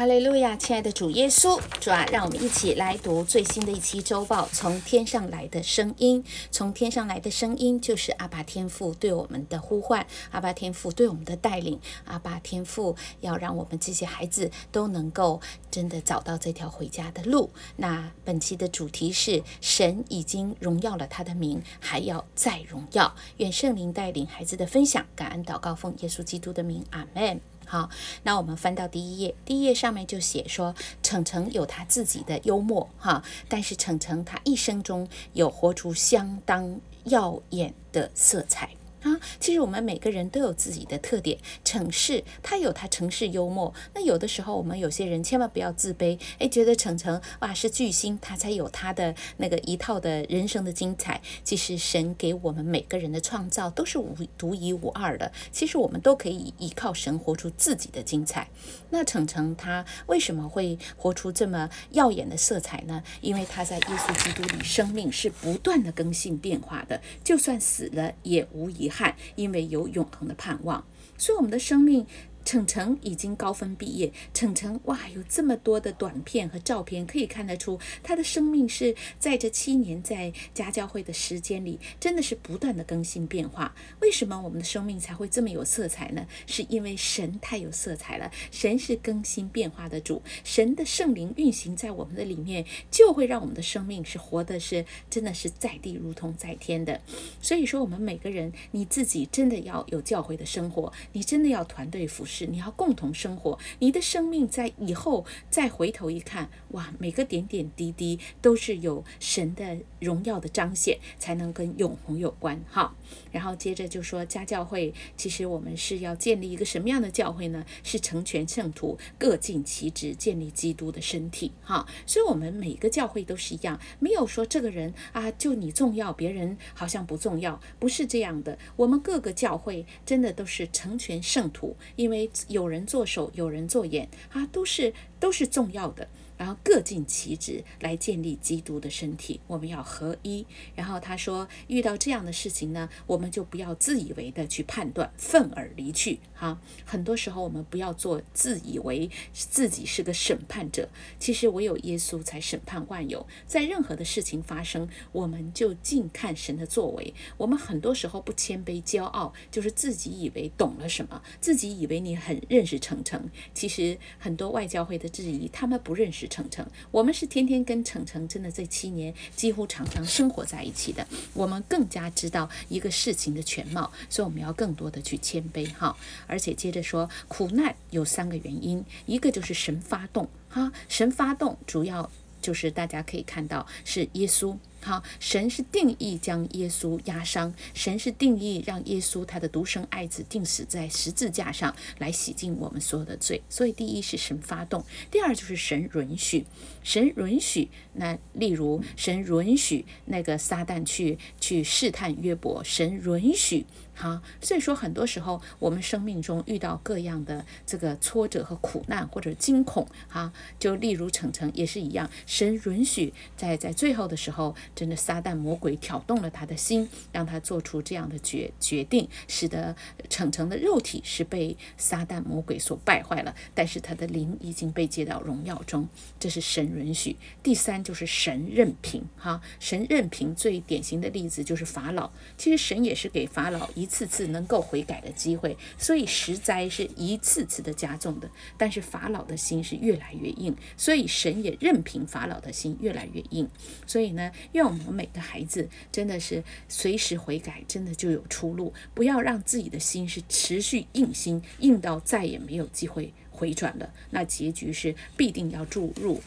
哈利路亞，親愛的主耶穌，主啊，讓我們一起來讀最新的一期周報。從天上來的聲音，從天上來的聲音，就是阿爸天父對我們的呼喚，阿爸天父對我們的帶領，阿爸天父要讓我們這些孩子都能夠真的找到這條回家的路。那本期的主題是：神已經榮耀了他的名，還要再榮耀。願聖靈帶領孩子的分享，感恩禱告，奉耶穌基督的名，阿門。好，那我們翻到第一頁，第一頁上面就寫說，成成有他自己的幽默，哈，但是成成他一生中有活出相當耀眼的色彩。啊、嗯，其實我們每個人都有自己的特點。成式他有他成式幽默，那有的時候我們有些人千萬不要自卑，哎，覺得成成哇是巨星，他才有他的那個一套的人生的精彩。其實神給我們每個人的創造都是無獨一無二的，其實我們都可以依靠神活出自己的精彩。那成成他為什麼會活出這麼耀眼的色彩呢？因為他在耶穌基督裡，生命是不斷的更新變化的，就算死了也無遺憾，因為有永恆的盼望。所以我們的生命。成成已經高分畢業，成成哇，有這麼多的短片和照片，可以看得出他的生命是在這七年在家教會的時間裡，真的是不斷的更新變化。為什麼我們的生命才會這麼有色彩呢？是因為神太有色彩了，神是更新變化的主，神的聖靈運行在我們的裡面，就會讓我們的生命是活的，是，真的是在地如同在天的。所以說，我們每個人你自己真的要有教會的生活，你真的要團隊服。是，你要共同生活，你的生命在以後再回頭一看，哇，每個點點滴滴都是有神的榮耀的彰顯，才能跟永恆有關哈。然後接着就說家教會，其實我們是要建立一個什麼樣的教會呢？是成全聖徒，各盡其職，建立基督的身體哈。所以，我們每個教會都是一樣，沒有說這個人啊就你重要，別人好像不重要，不是這樣的。我們各個教會真的都是成全聖徒，因為。有人做手，有人做眼，啊，都是都是重要的，然後各盡其職來建立基督的身體。我們要合一。然後他說，遇到這樣的事情呢，我們就不要自以為的去判斷，憤而離去。啊，很多時候我們不要做自以為是，自己是個審判者，其實唯有耶穌才審判萬有。在任何的事情發生，我們就盡看神的作為。我們很多時候不謙卑、驕傲，就是自己以為懂了什麼，自己以為你很認識成成。其實很多外教會的質疑，他們不認識成成。我們是天天跟成成，真的這七年幾乎常常生活在一起的，我們更加知道一個事情的全貌，所以我們要更多的去謙卑。哈。而且接着說，苦難有三個原因，一個就是神發動，哈，神發動主要就是大家可以看到是耶穌，哈，神是定意將耶穌壓傷，神是定意讓耶穌他的獨生愛子釘死在十字架上來洗淨我們所有的罪，所以第一是神發動，第二就是神允許，神允許，那例如神允許那個撒旦去去試探約伯，神允許。哈、啊，所以說很多時候我們生命中遇到各樣的這個挫折和苦難或者驚恐，哈、啊，就例如成成也是一樣，神允許在在最後的時候，真的撒旦魔鬼挑動了他的心，讓他做出這樣的決決定，使得成成的肉體是被撒旦魔鬼所敗壞了，但是他的靈已經被接到榮耀中，這是神允許。第三就是神任憑，哈、啊，神任憑最典型的例子就是法老，其實神也是給法老一。次次能夠悔改的機會，所以十災是一次次的加重的。但是法老的心是越來越硬，所以神也任憑法老的心越來越硬。所以呢，願我們每個孩子真的是隨時悔改，真的就有出路。不要讓自己的心是持續硬心，硬到再也沒有機會回轉了。那結局是必定要注入、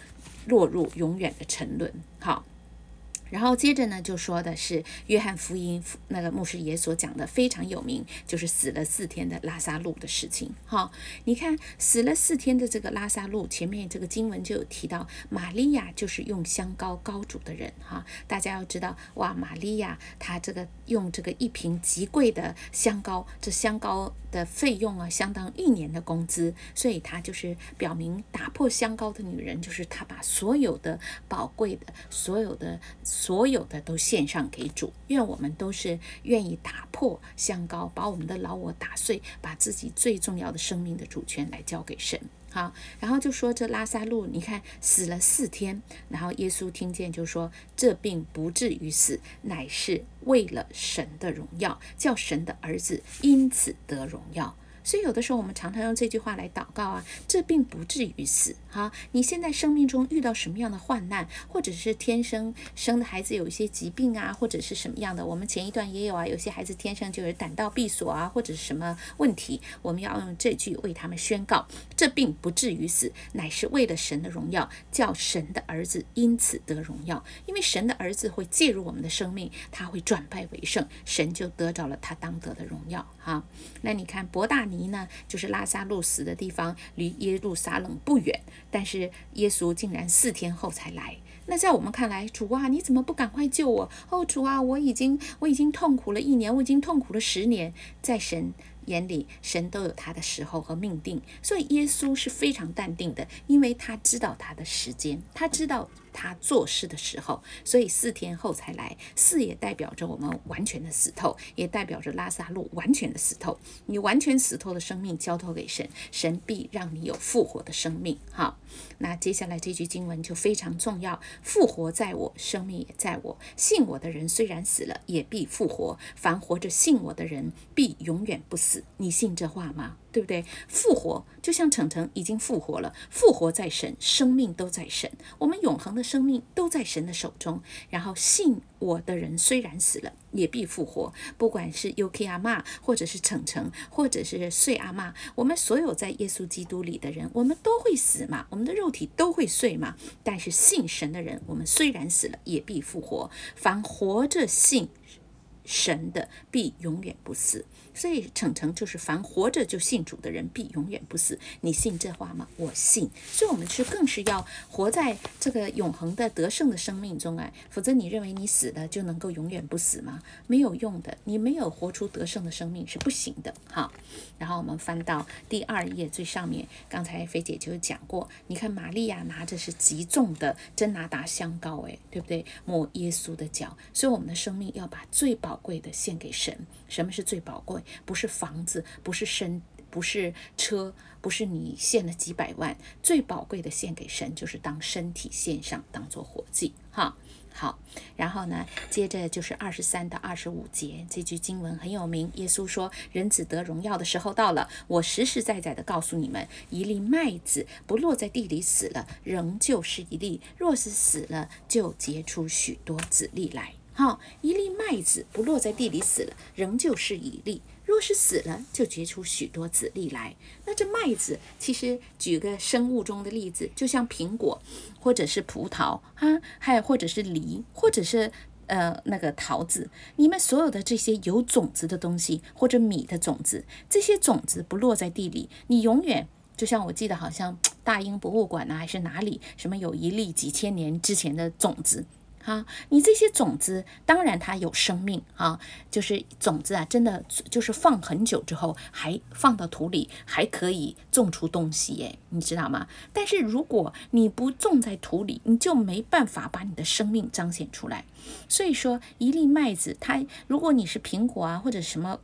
落入永遠的沉淪。好。然後接着呢，就說的是約翰福音那個牧師爺所講的非常有名，就是死了四天的拉撒路的事情。哈，你看死了四天的這個拉撒路，前面這個經文就有提到，瑪利亞就是用香膏膏主的人。哈，大家要知道哇，瑪利亞她這個用這個一瓶極貴的香膏，這香膏的費用啊，相當一年的工資，所以她就是表明打破香膏的女人，就是她把所有的寶貴的、所有的。所有的都獻上給主，願我們都是願意打破香膏，把我們的老我打碎，把自己最重要的生命的主權來交給神。好，然後就說這拉撒路，你看死了四天，然後耶穌聽見就說，這病不至於死，乃是為了神的榮耀，叫神的兒子因此得榮耀。所以有的時候我們常常用這句話來禱告啊，這病不至於死哈、啊。你現在生命中遇到什麼樣的患難，或者是天生生的孩子有一些疾病啊，或者是什麼樣的，我們前一段也有啊，有些孩子天生就有膽道閉鎖啊，或者是什麼問題，我們要用這句為他們宣告：這病不至於死，乃是為了神的榮耀，叫神的兒子因此得榮耀。因為神的兒子會介入我們的生命，他會轉敗為勝，神就得到了他當得的榮耀哈、啊。那你看伯大。尼呢，就是拉撒路死的地方，離耶路撒冷不遠。但是耶穌竟然四天後才來。那在我們看來，主啊，你怎麼不趕快救我？哦，主啊，我已經我已經痛苦了一年，我已經痛苦了十年。在神眼裡，神都有他的時候和命定。所以耶穌是非常淡定的，因為他知道他的時間，他知道。他做事的時候，所以四天後才來。四也代表着我們完全的死透，也代表着拉撒路完全的死透。你完全死透的生命交托給神，神必讓你有復活的生命。好，那接下來這句經文就非常重要：復活在我，生命也在我。信我的人雖然死了，也必復活；凡活着信我的人，必永遠不死。你信這話嗎？對不對？復活就像成成已經復活了，復活在神，生命都在神。我們永恆的生命都在神的手中。然後信我的人雖然死了，也必復活。不管是 UK 阿媽，或者是成成，或者是歲阿媽，我們所有在耶穌基督裡的人，我們都會死嘛，我們的肉體都會碎嘛。但是信神的人，我們雖然死了，也必復活。凡活着信神的，必永遠不死。所以，成成就是凡活着就信主的人，必永遠不死。你信這話嗎？我信。所以我們是更是要活在這個永恆的得勝的生命中啊！否則，你認為你死了就能夠永遠不死嗎？沒有用的，你沒有活出得勝的生命是不行的哈。好然後我們翻到第二頁最上面，剛才菲姐姐就講過，你看瑪利亞拿着是極重的真拿達香膏，誒，對不對？抹耶穌的腳，所以我們的生命要把最寶貴的獻給神。什麼是最寶貴？不是房子，不是身，不是車，不是你獻了幾百萬。最寶貴的獻給神，就是當身體獻上，當做活祭，哈。好，然後呢，接着就是二十三到二十五節，這句經文很有名。耶穌說：“人子得榮耀的時候到了。我實實在在地告訴你們，一粒麥子不落在地裡死了，仍舊是一粒；若是死了，就結出許多子粒來。好，一粒麥子不落在地裡死了，仍舊是一粒；若是死了，就結出許多子粒來。那這麥子，其實舉個生物中的例子，就像蘋果。”或者是葡萄啊，還有或者是梨，或者是呃那個桃子，你們所有的這些有種子的東西，或者米的種子，這些種子不落在地裡，你永遠就像我記得，好像大英博物館呢，還是哪裡，什麼有一粒幾千年之前的種子。啊，你這些種子當然它有生命啊，就是種子啊，真的就是放很久之後，還放到土裡還可以種出東西耶，你知道嗎？但是如果你不種在土裡，你就沒辦法把你的生命彰顯出來。所以說，一粒麥子，它如果你是蘋果啊或者什麼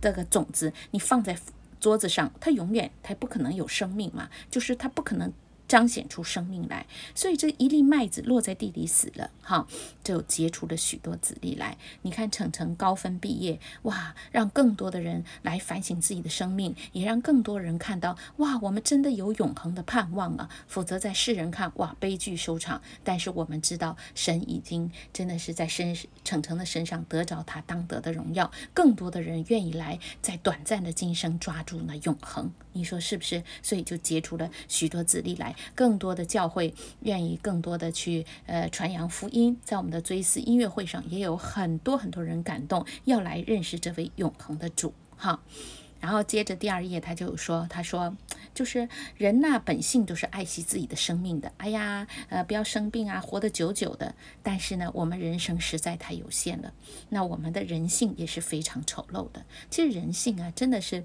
這個種子，你放在桌子上，它永遠它不可能有生命嘛，就是它不可能。彰顯出生命來，所以這一粒麥子落在地裡死了，哈，就結出了許多子粒來。你看，成成高分畢業，哇，讓更多的人來反省自己的生命，也讓更多人看到，哇，我們真的有永恆的盼望啊！否則在世人看，哇，悲劇收場。但是我們知道，神已經真的是在神，成成的身上得着他當得的榮耀，更多的人願意來在短暫的今生抓住那永恆。你說是不是？所以就結出了許多子粒來，更多的教會願意更多的去呃傳揚福音，在我們的追思音樂會上也有很多很多人感動，要來認識這位永恆的主哈。然後接着第二頁，他就說：“他說就是人吶，啊，本性都是愛惜自己的生命的。哎呀，呃，不要生病啊，活得久久的。但是呢，我們人生實在太有限了，那我們的人性也是非常醜陋的。其實人性啊，真的是。”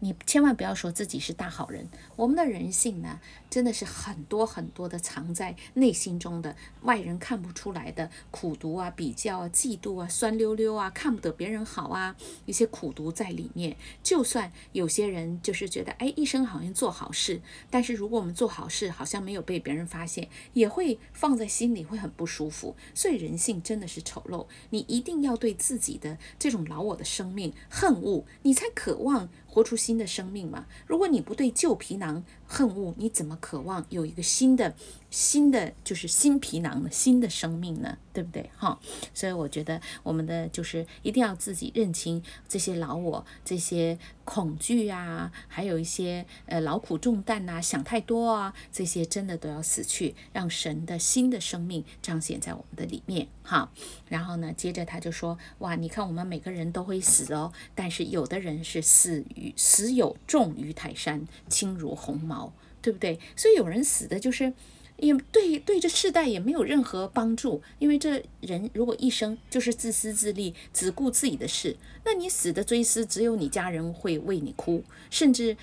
你千萬不要說自己是大好人，我們的人性呢，真的是很多很多的藏在內心中的，外人看不出來的苦毒啊、比較啊、嫉妒啊、酸溜溜啊、看不得別人好啊，一些苦毒在裡面。就算有些人就是覺得，哎，一生好像做好事，但是如果我們做好事好像沒有被別人發現，也會放在心裡會很不舒服。所以人性真的是醜陋，你一定要對自己的這種老我的生命恨惡，你才渴望活出新的生命嘛。如果你不對舊皮囊，恨惡，你怎麼渴望有一個新的？新的就是新皮囊的新的生命呢，對不對哈、哦？所以我覺得我們的就是一定要自己認清這些老我、這些恐懼啊，還有一些呃勞苦重擔吶、啊、想太多啊，這些真的都要死去，讓神的新的生命彰顯在我們的裡面哈、哦。然後呢，接着他就說：“哇，你看我們每個人都會死哦，但是有的人是死於死有重於泰山，輕如鴻毛，對不對？所以有人死的就是。”也對，對這世代也沒有任何幫助，因為這人如果一生就是自私自利，只顧自己的事，那你死的追思只有你家人會為你哭，甚至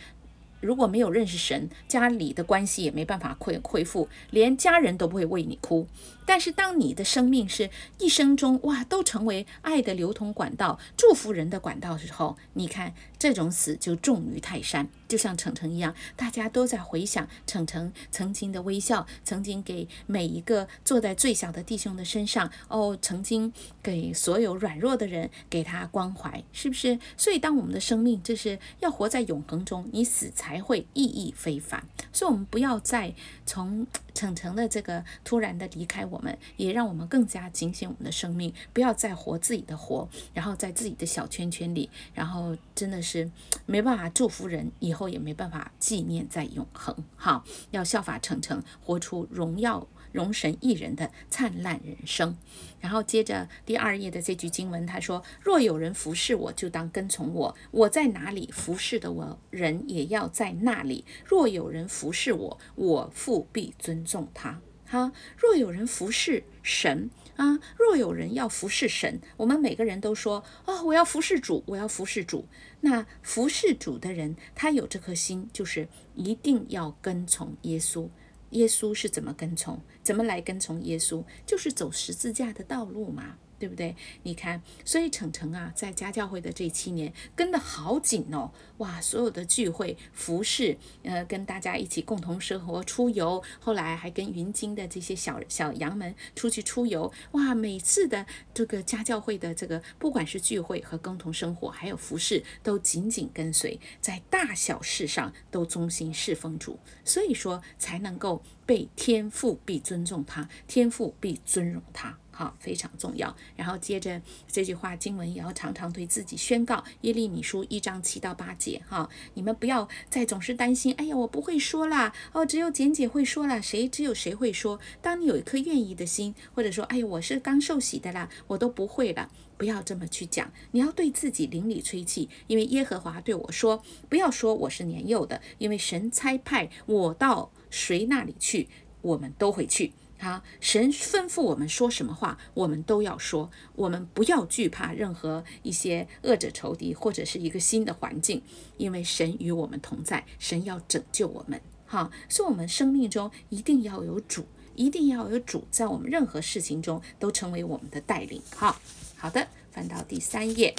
如果沒有認識神，家裡的關係也沒辦法恢恢復，連家人都不會為你哭。但是，當你的生命是一生中哇，都成為愛的流通管道、祝福人的管道的時候，你看這種死就重於泰山，就像成成一樣，大家都在回想成成曾經的微笑，曾經給每一個坐在最小的弟兄的身上，哦，曾經給所有軟弱的人給他關懷，是不是？所以，當我們的生命這是要活在永恆中，你死才會意義非凡。所以，我們不要再從。成成的這個突然的離開，我們也讓我們更加警醒，我們的生命不要再活自己的活，然後在自己的小圈圈裡，然後真的是沒辦法祝福人，以後也沒辦法紀念在永恆。好，要效法成成，活出榮耀。榮神益人的燦爛人生，然後接着第二頁的這句經文，他說：“若有人服侍我，就當跟從我；我在哪裡服侍我的人，也要在那裡。若有人服侍我，我父必尊重他。哈！若有人服侍神啊，若有人要服侍神，我們每個人都說：哦，我要服侍主，我要服侍主。那服侍主的人，他有這顆心，就是一定要跟從耶穌。”耶穌是怎麼跟從？怎麼來跟從耶穌？就是走十字架的道路嘛。對不對？你看，所以成成啊，在家教會的這七年跟得好緊哦，哇，所有的聚會、服侍，呃，跟大家一起共同生活、出遊，後來還跟雲京的這些小小羊們出去出遊，哇，每次的這個家教會的這個，不管是聚會和共同生活，還有服侍，都緊緊跟隨，在大小事上都忠心侍奉主，所以說才能夠被天父必尊重他，天父必尊榮他。好，非常重要。然後接着這句話，經文也要常常對自己宣告：耶利米書一章七到八節。哈，你們不要再總是擔心，哎呀，我不會說啦。哦，只有簡姐，姐會說啦。誰只有誰會說。當你有一顆願意的心，或者說，哎呀，我是剛受洗的啦，我都不會了，不要這麼去講。你要對自己靈裡吹氣，因為耶和華對我說：“不要說我是年幼的，因為神差派我到誰那裡去，我們都會去。”他神吩咐我們說什麼話，我們都要說。我們不要懼怕任何一些惡者、仇敵或者是一個新的環境，因為神與我們同在，神要拯救我們。哈，所以我們生命中一定要有主，一定要有主在我們任何事情中都成為我們的帶領。哈，好的，翻到第三頁。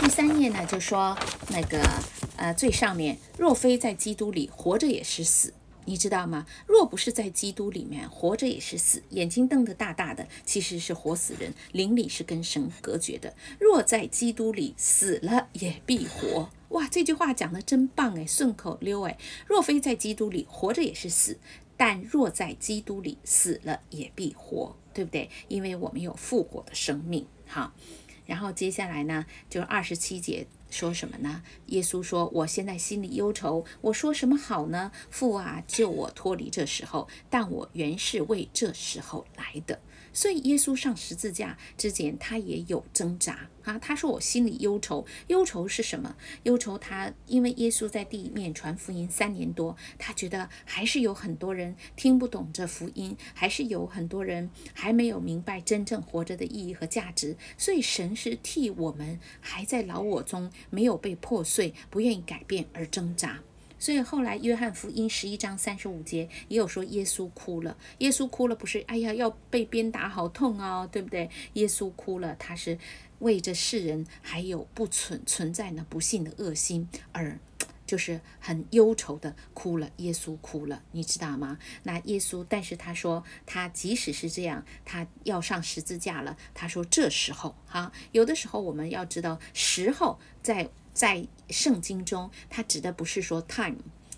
第三頁呢，就說那個呃，最上面，若非在基督裡活着，也是死。你知道嗎？若不是在基督裡面活着也是死，眼睛瞪得大大的，其實是活死人，靈裡是跟神隔絕的。若在基督裡死了也必活。哇，這句話講得真棒誒！順口溜誒。若非在基督裡活着也是死，但若在基督裡死了也必活，對不對？因為我們有復活的生命。好，然後接下來呢，就是二十七節。說什麼呢？耶穌說：“我現在心裡憂愁，我說什麼好呢？父啊，救我脫離這時候，但我原是為這時候來的。”所以耶穌上十字架之前，他也有掙扎啊。他說：“我心裡憂愁，憂愁是什麼？憂愁他，因為耶穌在地面傳福音三年多，他覺得還是有很多人聽不懂這福音，還是有很多人還沒有明白真正活着的意義和價值。所以神是替我們還在老我中沒有被破碎、不願意改變而掙扎。”所以後來，《約翰福音》十一章三十五節也有說耶穌哭了。耶穌哭了，不是哎呀要被鞭打，好痛哦，對不對？耶穌哭了，他是為著世人還有不存存在的不幸的惡心而，就是很憂愁的哭了。耶穌哭了，你知道嗎？那耶穌，但是他說，他即使是這樣，他要上十字架了。他說這時候，哈，有的時候我們要知道時候在。在聖經中，它指的不是說 time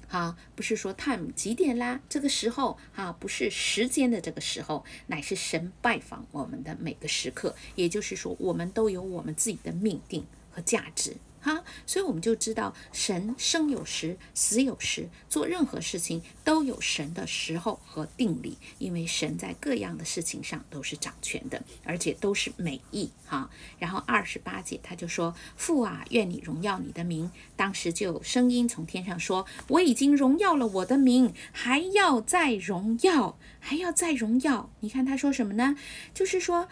哈、啊，不是說 time 幾點啦，這個時候哈、啊，不是時間的這個時候，乃是神拜訪我們的每個時刻。也就是說，我們都有我們自己的命定和價值。哈，所以我們就知道神生有時，死有時，做任何事情都有神的時候和定理，因為神在各樣的事情上都是掌權的，而且都是美意。哈，然後二十八節他就說：“父啊，願你榮耀你的名。”當時就有聲音從天上說：“我已經榮耀了我的名，還要再榮耀，還要再榮耀。”你看他說什麼呢？就是說，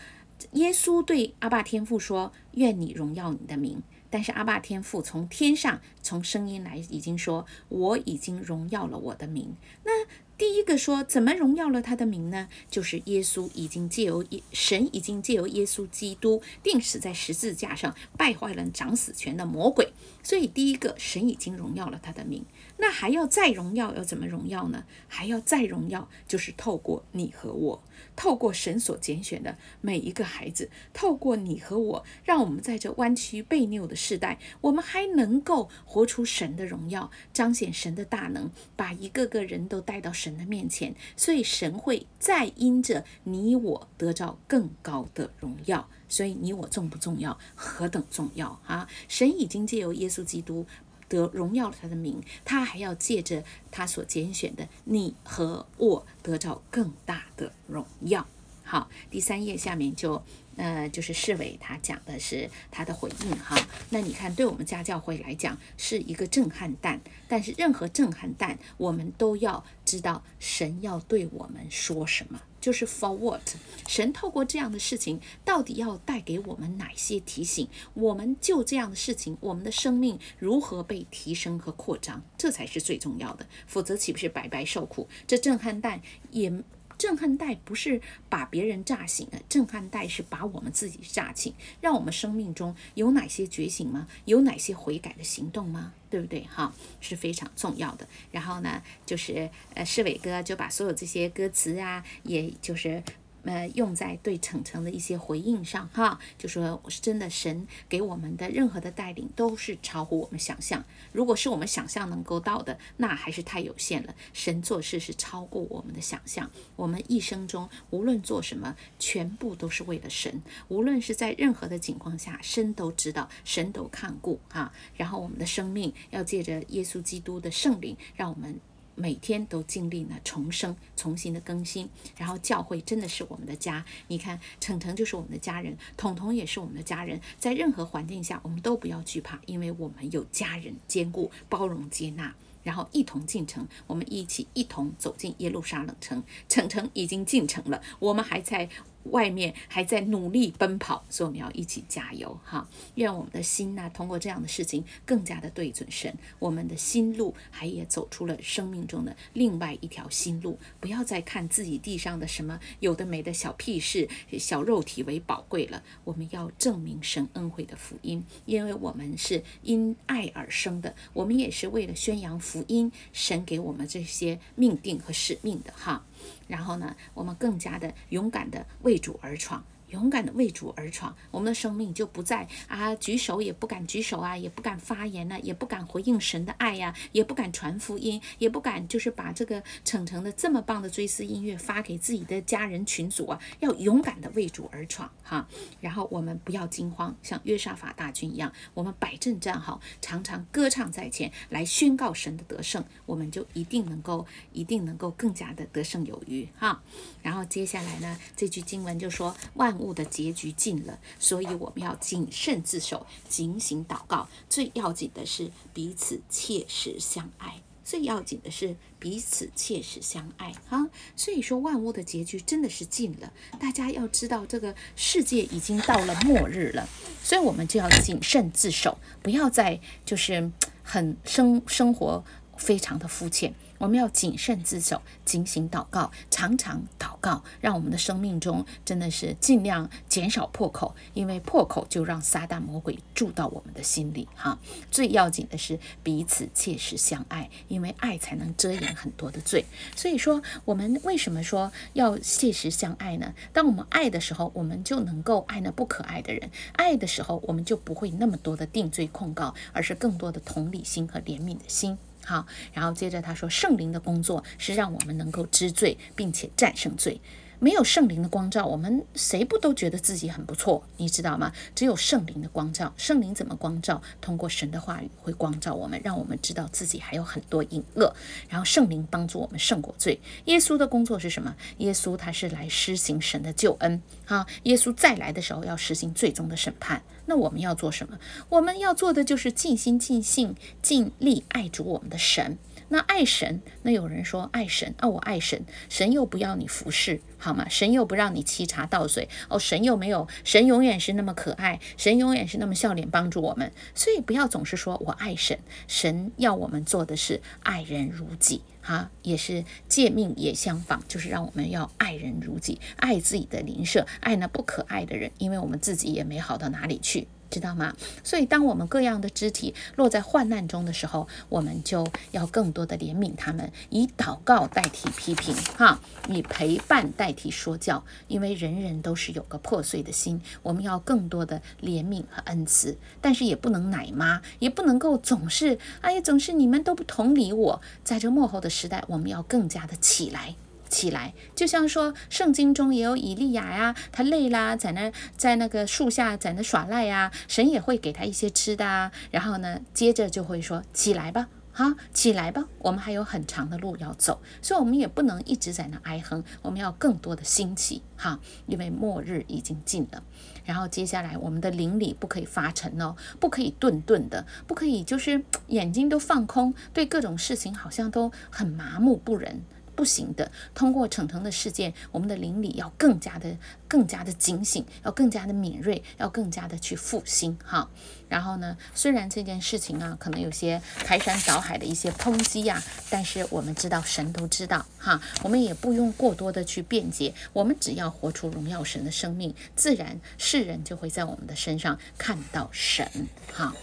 耶穌對阿爸天父說：“願你榮耀你的名。”但是阿爸天父從天上從聲音來已經說，我已經榮耀了我的名。那第一個說怎麼榮耀了他的名呢？就是耶穌已經借由耶神已經借由耶穌基督釘死在十字架上敗壞了掌死權的魔鬼。所以第一個神已經榮耀了他的名。那還要再榮耀，要怎麼榮耀呢？還要再榮耀，就是透過你和我，透過神所揀選的每一個孩子，透過你和我，讓我們在這彎曲悖謬的世代，我們還能夠活出神的榮耀，彰顯神的大能，把一個個人都帶到神的面前。所以神會再因着你我得到更高的榮耀。所以你我重不重要？何等重要啊！神已經借由耶穌基督。得榮耀了他的名，他還要借着他所揀選的你和我得到更大的榮耀。好，第三頁下面就呃，就是釋偉他講的是他的回應哈。那你看，對我們家教會來講是一個震撼彈，但是任何震撼彈，我們都要知道神要對我們說什麼。就是 for what，神透過這樣的事情，到底要帶給我們哪些提醒？我們就這樣的事情，我們的生命如何被提升和擴張？這才是最重要的，否則豈不是白白受苦？這震撼彈也震撼彈不是把別人炸醒的，震撼彈是把我們自己炸醒，讓我們生命中有哪些覺醒嗎？有哪些悔改的行動嗎？對不對哈、哦？是非常重要的。然後呢，就是呃，世偉哥就把所有這些歌詞啊，也就是。呃，用在對成成的一些回應上，哈，就說我是真的，神給我們的任何的帶領都是超乎我們想象。如果是我們想象能夠到的，那還是太有限了。神做事是超過我們的想象。我們一生中無論做什麼，全部都是為了神。無論是在任何的情況下，神都知道，神都看顧哈。然後我們的生命要借着耶穌基督的聖靈，讓我們。每天都經歷了重生、重新的更新，然後教會真的是我們的家。你看，成成就是我們的家人，瞳瞳也是我們的家人。在任何環境下，我們都不要懼怕，因為我們有家人兼顧、包容、接納，然後一同進城。我們一起一同走進耶路撒冷城。成成已經進城了，我們還在。外面還在努力奔跑，所以我們要一起加油哈！願我們的心吶、啊，通過這樣的事情，更加的對準神。我們的心路還也走出了生命中的另外一條新路，不要再看自己地上的什麼有的沒的小屁事、小肉體為寶貴了。我們要證明神恩惠的福音，因為我們是因愛而生的，我們也是為了宣揚福音，神給我們這些命定和使命的哈。然後呢，我們更加的勇敢的為主而闖。勇敢的為主而闖，我們的生命就不再啊，舉手也不敢舉手啊，也不敢發言了，啊，也不敢回應神的愛呀，啊，也不敢傳福音，也不敢就是把這個成成的這麼棒的追思音樂發給自己的家人群組啊，要勇敢的為主而闖哈。然後我們不要驚慌，像約沙法大軍一樣，我們擺陣站好，常常歌唱在前，來宣告神的得勝，我們就一定能夠，一定能夠更加的得勝有餘哈。然後接下來呢，這句經文就說萬。物的結局近了，所以我們要謹慎自守，警醒禱告。最要緊的是彼此切實相愛。最要緊的是彼此切實相愛。哈、啊，所以說萬物的結局真的是近了。大家要知道，這個世界已經到了末日了，所以我們就要謹慎自守，不要再就是很生生活。非常的膚淺，我們要謹慎自守，警醒禱告，常常禱告，讓我們的生命中真的是盡量減少破口，因為破口就讓撒旦魔鬼住到我們的心裡哈。最要緊的是彼此切實相愛，因為愛才能遮掩很多的罪。所以說，我們為什麼說要切實相愛呢？當我們愛的時候，我們就能夠愛那不可愛的人；愛的時候，我們就不會那麼多的定罪控告，而是更多的同理心和憐憫的心。好，然後接着他說，聖靈的工作是讓我們能夠知罪，並且戰勝罪。沒有聖靈的光照，我們誰不都覺得自己很不錯？你知道嗎？只有聖靈的光照，聖靈怎麼光照？通過神的話語會光照我們，讓我們知道自己還有很多隱惡。然後聖靈幫助我們勝過罪。耶穌的工作是什麼？耶穌他是來施行神的救恩啊！耶穌再來的時候要實行最終的審判。那我們要做什麼？我們要做的就是盡心盡性盡力愛主我們的神。那愛神，那有人說愛神啊、哦，我愛神，神又不要你服侍，好嗎？神又不讓你沏茶倒水，哦，神又沒有，神永遠是那麼可愛，神永遠是那麼笑臉幫助我們，所以不要總是說我愛神，神要我們做的是愛人如己，哈、啊，也是誡命也相仿，就是讓我們要愛人如己，愛自己的鄰舍，愛那不可愛的人，因為我們自己也沒好到哪裡去。知道嗎？所以，當我們各樣的肢體落在患難中的時候，我們就要更多的憐憫他們，以禱告代替批評，哈，以陪伴代替說教。因為人人都是有個破碎的心，我們要更多的憐憫和恩慈，但是也不能奶媽，也不能夠總是哎呀，總是你們都不同理我。在這末後的時代，我們要更加的起來。起來，就像說聖經中也有以利亞呀、啊，他累啦，在那在那個樹下，在那耍賴呀、啊，神也會給他一些吃的。啊，然後呢，接着就會說起來吧，哈，起來吧，我們還有很長的路要走，所以我們也不能一直在那哀哼，我們要更多的興起，哈，因為末日已經近了。然後接下來，我們的靈裡不可以發沉哦，不可以頓頓的，不可以就是眼睛都放空，對各種事情好像都很麻木不仁。不行的。通過成成的事件，我們的靈裡要更加的、更加的警醒，要更加的敏銳，要更加的去復興哈。然後呢，雖然這件事情啊，可能有些排山倒海的一些抨擊呀、啊，但是我們知道神都知道哈，我們也不用過多的去辯解，我們只要活出榮耀神的生命，自然世人就會在我們的身上看到神哈。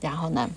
然後呢，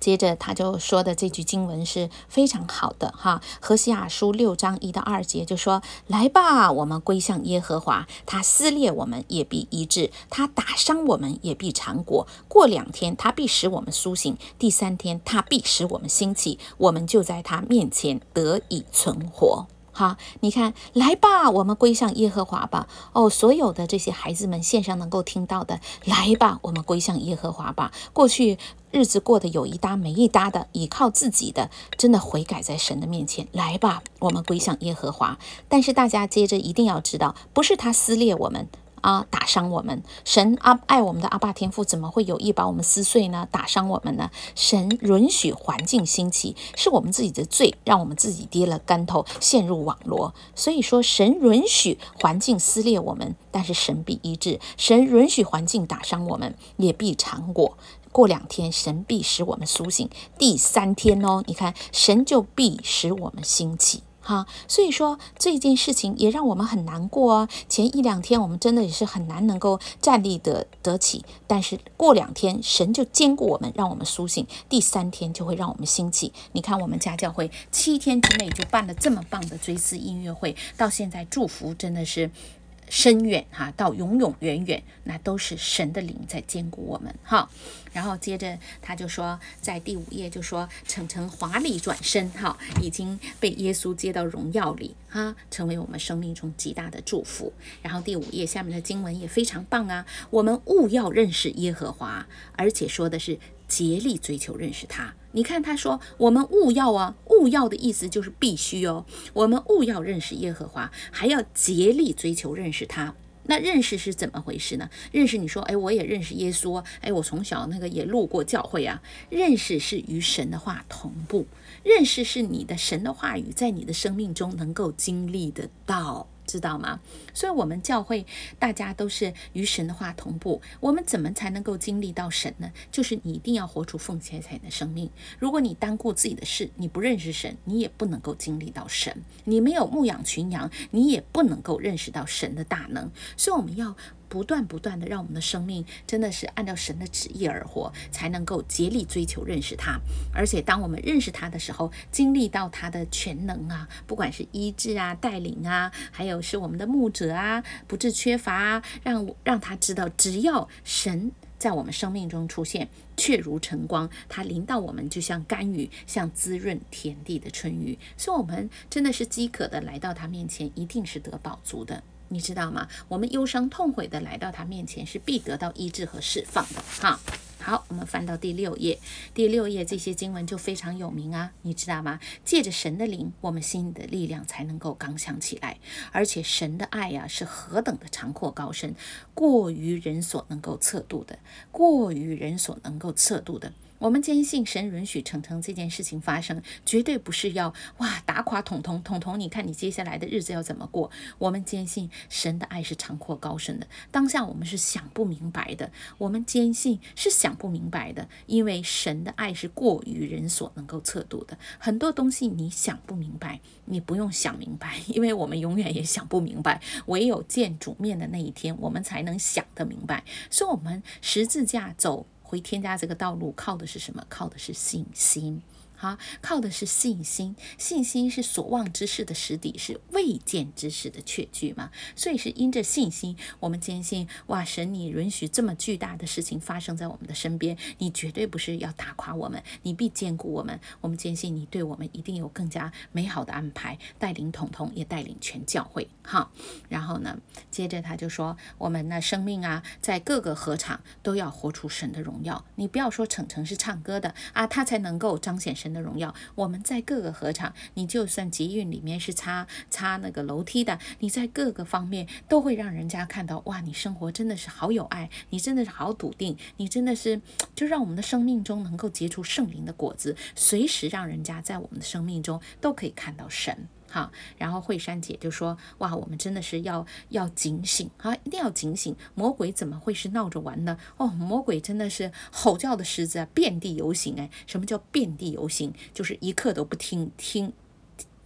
接着他就說的這句經文是非常好的哈，《何西阿書》六章一到二節就說：“來吧，我們歸向耶和華，他撕裂我們也必醫治，他打傷我們也必纏裹。過兩天他必使我們蘇醒，第三天他必使我們興起，我們就在他面前得以存活。”好，你看，來吧，我們歸向耶和華吧。哦，所有的這些孩子們線上能夠聽到的，來吧，我們歸向耶和華吧。過去日子過得有一搭沒一搭的，倚靠自己的，真的悔改在神的面前。來吧，我們歸向耶和華。但是大家接着一定要知道，不是他撕裂我們。啊！打傷我們，神啊，愛我們的阿爸天父，怎麼會有意把我們撕碎呢？打傷我們呢？神允許環境興起，是我們自己的罪，讓我們自己跌了跟頭，陷入網絡。所以說，神允許環境撕裂我們，但是神必醫治。神允許環境打傷我們，也必嘗果。過兩天，神必使我們甦醒。第三天哦，你看，神就必使我們興起。哈，所以說，這件事情也讓我們很難過啊、哦。前一兩天我們真的也是很難能夠站立得得起，但是過兩天神就堅固我們，讓我們甦醒。第三天就會讓我們興起。你看我們家教會七天之內就辦了這麼棒的追思音樂會，到現在祝福真的是深遠哈，到永永遠遠，那都是神的靈在堅固我們哈。然後接着他就說，在第五頁就說，成成華麗轉身哈，已經被耶穌接到榮耀裡哈，成為我們生命中極大的祝福。然後第五頁下面的經文也非常棒啊，我們務要認識耶和華，而且說的是竭力追求認識他。你看，他說我們務要啊，務要的意思就是必須哦。我們務要認識耶和華，還要竭力追求認識他。那認識是怎麼回事呢？認識，你說，哎，我也認識耶穌，哎，我從小那個也路過教會啊。認識是與神的話同步，認識是你的神的話語在你的生命中能夠經歷得到。知道嗎？所以，我們教會大家都是與神的話同步。我們怎麼才能夠經歷到神呢？就是你一定要活出奉獻型的生命。如果你單顧自己的事，你不認識神，你也不能夠經歷到神。你沒有牧養群羊，你也不能夠認識到神的大能。所以，我們要。不斷不斷的讓我們的生命真的是按照神的旨意而活，才能夠竭力追求認識他。而且當我們認識他的時候，經歷到他的全能啊，不管是醫治啊、帶領啊，還有是我們的牧者啊，不致缺乏啊，讓我讓他知道，只要神在我們生命中出現，確如晨光，他臨到我們就像甘雨，像滋潤田地的春雨。所以我們真的是飢渴的來到他面前，一定是得飽足的。你知道嗎？我們憂傷痛悔的來到他面前，是必得到醫治和釋放的。哈，好，我們翻到第六頁。第六頁這些經文就非常有名啊，你知道嗎？借着神的靈，我們心裡的力量才能夠剛強起來。而且神的愛呀、啊，是何等的長闊高深，過於人所能夠測度的，過於人所能夠測度的。我們堅信神允許成成這件事情發生，絕對不是要哇打垮瞳瞳瞳瞳，瞳瞳你看你接下來的日子要怎麼過？我們堅信神的愛是長闊高深的，當下我們是想不明白的，我們堅信是想不明白的，因為神的愛是過於人所能夠測度的。很多東西你想不明白，你不用想明白，因為我們永遠也想不明白，唯有見主面的那一天，我們才能想得明白。所以我們十字架走。回天家這個道路，靠的是什麼？靠的是信心。哈，靠的是信心。信心是所望之事的實底，是未見之事的確據嘛。所以是因着信心，我們堅信哇，神你允許這麼巨大的事情發生在我們的身邊，你絕對不是要打垮我們，你必堅固我們。我們堅信你對我們一定有更加美好的安排，帶領瞳瞳也帶領全教會哈。然後呢，接着他就說，我們的生命啊，在各個合場都要活出神的榮耀。你不要說成成是唱歌的啊，他才能夠彰顯神。人的榮耀，我們在各個合場，你就算捷運裡面是擦擦那個樓梯的，你在各個方面都會讓人家看到，哇，你生活真的是好有愛，你真的是好篤定，你真的是就讓我們的生命中能夠結出聖靈的果子，隨時讓人家在我們的生命中都可以看到神。啊，然後惠山姐就說：“哇，我們真的是要要警醒啊，一定要警醒！魔鬼怎麼會是鬧着玩呢？哦，魔鬼真的是吼叫的獅子啊，遍地遊行哎！什麼叫遍地遊行？就是一刻都不停停，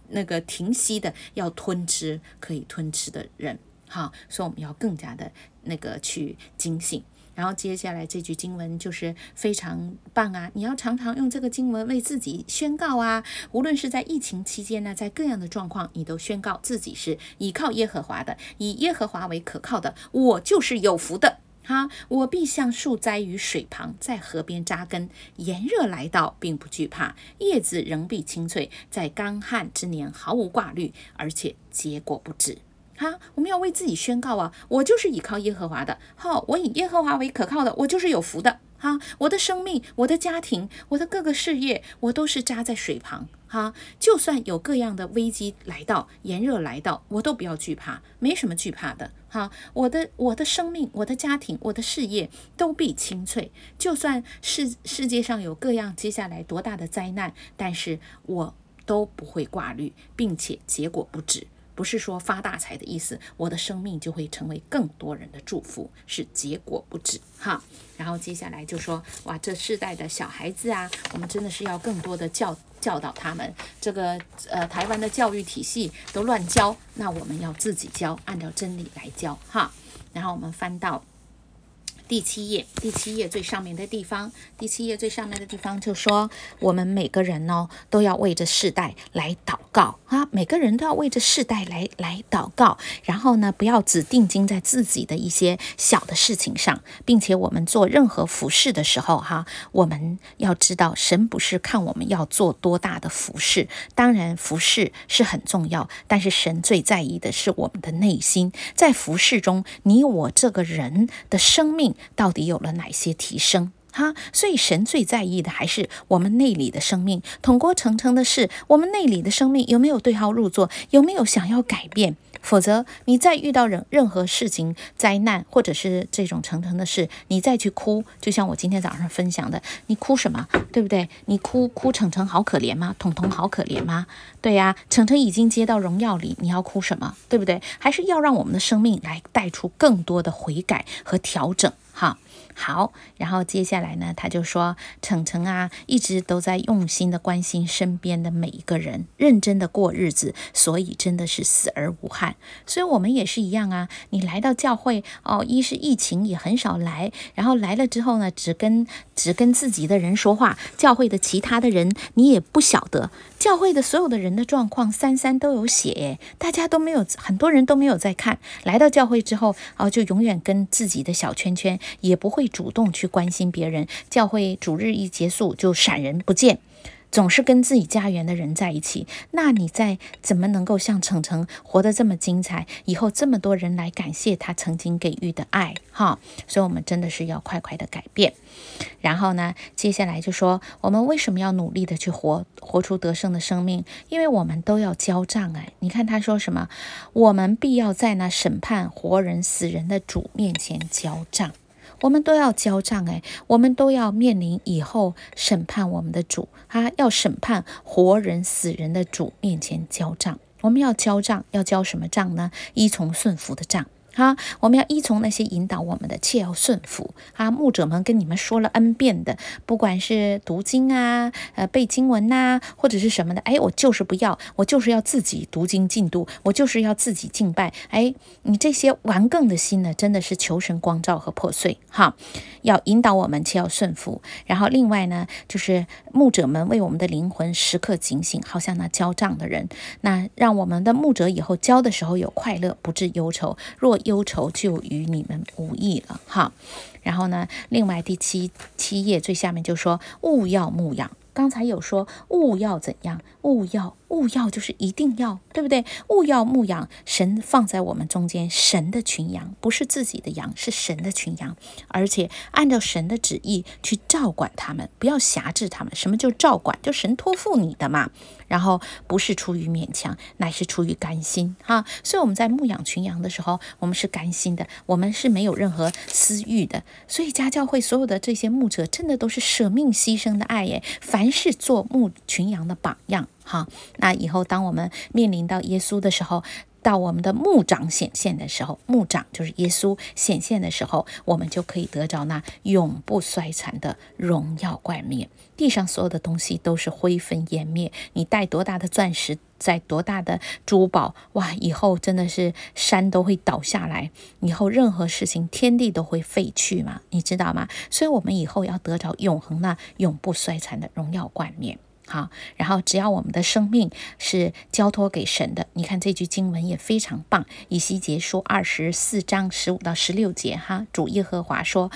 那個停息的要吞吃可以吞吃的人哈，所以我們要更加的那個去警醒。”然後接下來這句經文就是非常棒啊！你要常常用這個經文為自己宣告啊！無論是在疫情期間呢，在各樣的狀況，你都宣告自己是倚靠耶和華的，以耶和華為可靠的，我就是有福的哈、啊！我必像樹栽於水旁，在河邊扎根，炎熱來到並不懼怕，葉子仍必青翠，在乾旱之年毫無掛慮，而且結果不止。哈，我們要為自己宣告啊！我就是倚靠耶和華的，好、哦，我以耶和華為可靠的，我就是有福的哈！我的生命、我的家庭、我的各個事業，我都是扎在水旁哈。就算有各樣的危機來到、炎熱來到，我都不要懼怕，沒什麼懼怕的哈！我的我的生命、我的家庭、我的事業都必青翠。就算世世界上有各樣接下來多大的災難，但是我都不會掛慮，並且結果不止。不是說發大財的意思，我的生命就會成為更多人的祝福，是結果不止哈。然後接下來就說，哇，這世代的小孩子啊，我們真的是要更多的教教導他們，這個呃台灣的教育體系都亂教，那我們要自己教，按照真理來教哈。然後我們翻到。第七頁，第七頁最上面的地方，第七頁最上面的地方就說，我們每個人呢、哦、都要為着世代來禱告啊，每個人都要為着世代來來禱告。然後呢，不要只定睛在自己的一些小的事情上，並且我們做任何服事的時候哈、啊，我們要知道，神不是看我們要做多大的服事。當然服事是很重要，但是神最在意的是我們的內心，在服事中，你我這個人的生命。到底有了哪些提升？哈，所以神最在意的還是我們內裡的生命。通過成成的事，我們內裡的生命有沒有對號入座？有沒有想要改變？否則，你再遇到任任何事情、災難，或者是這種成成的事，你再去哭，就像我今天早上分享的，你哭什麼？對不對？你哭哭成成好可憐嗎？瞳瞳好可憐嗎？對呀、啊，成成已經接到榮耀裡，你要哭什麼？對不對？還是要讓我們的生命來帶出更多的悔改和調整。好。好，然後接下來呢，他就說：“成成啊，一直都在用心的關心身邊的每一個人，認真的過日子，所以真的是死而無憾。所以我們也是一樣啊，你來到教會哦，一是疫情也很少來，然後來了之後呢，只跟只跟自己的人說話，教會的其他的人你也不曉得，教會的所有的人的狀況，三三都有寫，大家都沒有，很多人都沒有在看。來到教會之後哦，就永遠跟自己的小圈圈，也不會。”主動去關心別人，教會主日一結束就閃人不見，總是跟自己家園的人在一起，那你在怎麼能夠像成成活得這麼精彩？以後這麼多人來感謝他曾經給予的愛，哈！所以我們真的是要快快的改變。然後呢，接下來就說，我們為什麼要努力的去活，活出得勝的生命？因為我們都要交賬哎！你看他說什麼？我們必要在那審判活人死人的主面前交賬。我們都要交賬哎，我們都要面臨以後審判我們的主啊，要審判活人死人的主面前交賬。我們要交賬，要交什麼賬呢？依從順服的賬。哈，我們要依從那些引導我們的，且要順服啊！牧者們跟你們說了 n 遍的，不管是讀經啊、呃背經文吶、啊，或者是什麼的，哎，我就是不要，我就是要自己讀經進度，我就是要自己敬拜。哎，你這些頑梗的心呢，真的是求神光照和破碎哈！要引導我們，且要順服。然後另外呢，就是牧者們為我們的靈魂時刻警醒，好像那交賬的人，那讓我們的牧者以後交的時候有快樂，不致憂愁。若憂愁就與你們無異了，哈。然後呢，另外第七七頁最下面就說：務要牧養。剛才有說務要怎樣，務要務要就是一定要，對不對？務要牧養神放在我們中間，神的群羊不是自己的羊，是神的群羊，而且按照神的旨意去照管他們，不要轄制他們。什麼就照管？就神托付你的嘛。然後不是出於勉強，乃是出於甘心哈。所以我們在牧養群羊的時候，我們是甘心的，我們是沒有任何私欲的。所以家教會所有的這些牧者，真的都是舍命犧牲的愛耶。還是做牧群羊的榜樣，哈，那以後當我們面臨到耶穌的時候，到我們的牧長顯現的時候，牧長就是耶穌顯現的時候，我們就可以得着那永不衰殘的榮耀冠冕。地上所有的東西都是灰飛煙滅，你帶多大的鑽石，帶多大的珠寶，哇！以後真的是山都會倒下來，以後任何事情，天地都會廢去嘛，你知道嗎？所以我們以後要得着永恆那永不衰殘的榮耀冠冕。好，然後只要我們的生命是交託給神的，你看這句經文也非常棒。以西結書二十四章十五到十六節哈，主耶和華說：“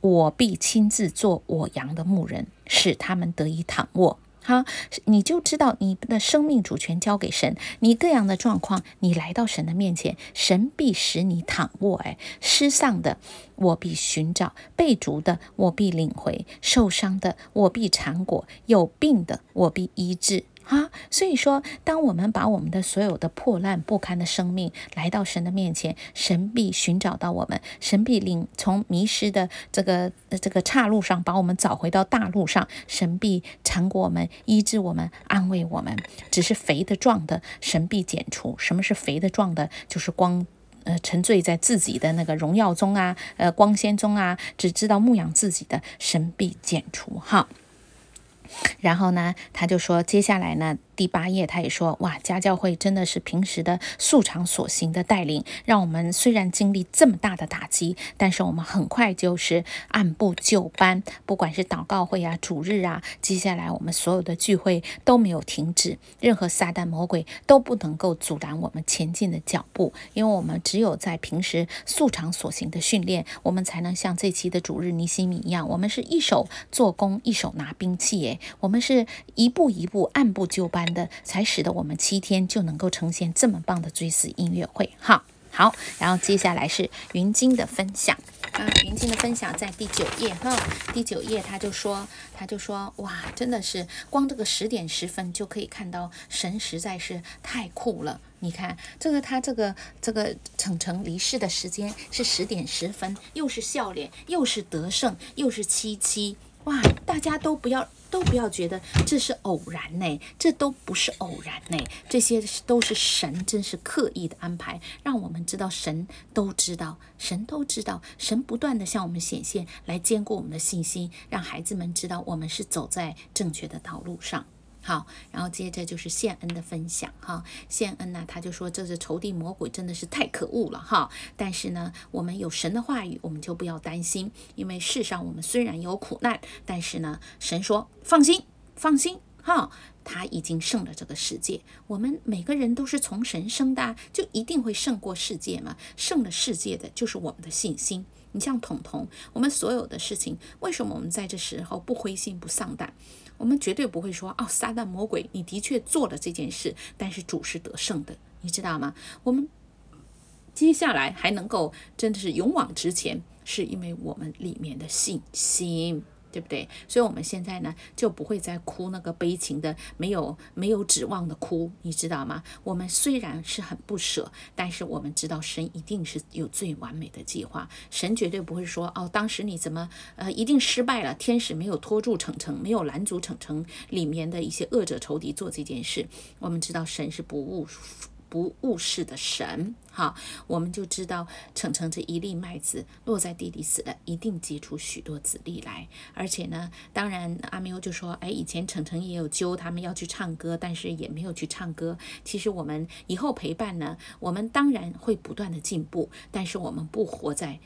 我必親自做我羊的牧人，使他們得以躺臥。”哈，你就知道你的生命主權交給神，你各樣的狀況，你來到神的面前，神必使你躺臥。欸，哎，失喪的我必尋找，被逐的我必領回，受傷的我必纏裹，有病的我必醫治。啊，所以說，當我們把我們的所有的破爛不堪的生命來到神的面前，神必尋找到我們，神必領從迷失的這個這個岔路上把我們找回到大路上，神必纏裹我們，醫治我們，安慰我們。只是肥的壯的，神必剪除。什麼是肥的壯的？就是光，呃，沉醉在自己的那個榮耀中啊，呃，光鮮中啊，只知道牧養自己的，神必剪除。哈。然後呢，他就說，接下來呢。第八頁，他也說，哇，家教會真的是平時的素常所行的帶領，讓我們雖然經歷這麼大的打擊，但是我們很快就是按部就班。不管是禱告會啊，主日啊，接下來我們所有的聚會都沒有停止，任何撒旦魔鬼都不能夠阻擋我們前進的腳步，因為我們只有在平時素常所行的訓練，我們才能像這期的主日尼西米一樣，我們是一手做工，一手拿兵器，哎，我們是一步一步按部就班。的才使得我們七天就能夠呈現這麼棒的追思音樂會哈，好，好，然後接下來是雲晶的分享，啊、雲晶的分享在第九頁哈，第九頁他就說他就說哇，真的是光這個十點十分就可以看到神實在是太酷了。你看這個他這個這個成成離世的時間是十點十分，又是笑臉又是得勝又是七七。哇，大家都不要，都不要覺得這是偶然呢，這都不是偶然呢，這些都是神，真是刻意的安排，讓我們知道神都知道，神都知道，神不斷的向我們顯現，來堅固我們的信心，讓孩子們知道我們是走在正確的道路上。好，然後接着就是獻恩的分享哈、哦。獻恩呢、啊，他就說這是仇敵魔鬼，真的是太可惡了哈、哦。但是呢，我們有神的話語，我們就不要擔心，因為世上我們雖然有苦難，但是呢，神說放心，放心哈，他、哦、已經勝了這個世界。我們每個人都是從神生的、啊，就一定會勝過世界嘛。勝了世界的就是我們的信心。你像瞳瞳，我們所有的事情，為什麼我們在這時候不灰心不喪膽？我們絕對不會說哦，撒旦魔鬼，你的確做了這件事，但是主是得勝的，你知道嗎？我們接下來還能夠真的是勇往直前，是因為我們裡面的信心。對不對？所以我們現在呢，就不會再哭那個悲情的、沒有沒有指望的哭，你知道嗎？我們雖然是很不舍，但是我們知道神一定是有最完美的計劃，神絕對不會說哦，當時你怎麼呃一定失敗了？天使沒有拖住成成，沒有攔阻成成裡面的一些惡者仇敵做這件事。我們知道神是不誤。不誤事的神，哈，我們就知道，成成這一粒麥子落在地裡死了，一定結出許多子粒來。而且呢，當然阿喵就說，哎，以前成成也有揪他們要去唱歌，但是也沒有去唱歌。其實我們以後陪伴呢，我們當然會不斷的進步，但是我們不活在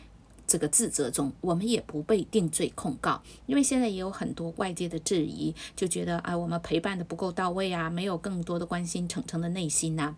這個自責中，我們也不被定罪控告，因為現在也有很多外界的質疑，就覺得哎，我們陪伴的不夠到位啊，沒有更多的關心成成的內心啊。